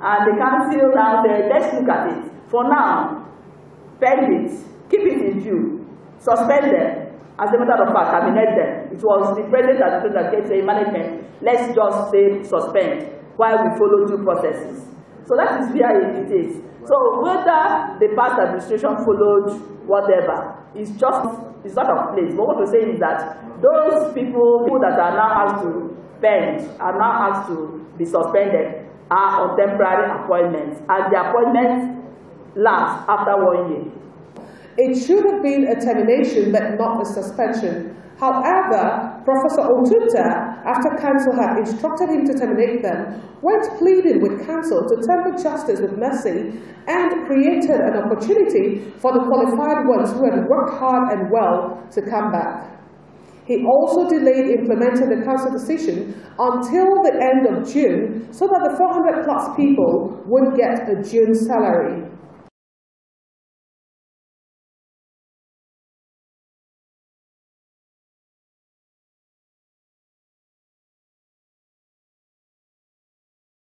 And the council now said, let's look at it. For now, Bend it, keep it in view, suspend them. As a matter of fact, cabinet them. It was the president and the president kept saying, management, let's just say suspend while we follow due processes. So that is where it is. So whether the past administration followed whatever is just is not of place. But what we're saying is that those people, people that are now asked to bend are now asked to be suspended. are on temporary appointments, and the appointments last after one year. It should have been a termination, but not a suspension. However, Professor Otuta, after Council had instructed him to terminate them, went pleading with Council to temper justice with mercy and created an opportunity for the qualified ones who had worked hard and well to come back. He also delayed implementing the council decision until the end of June so that the 400 plus people would get a June salary.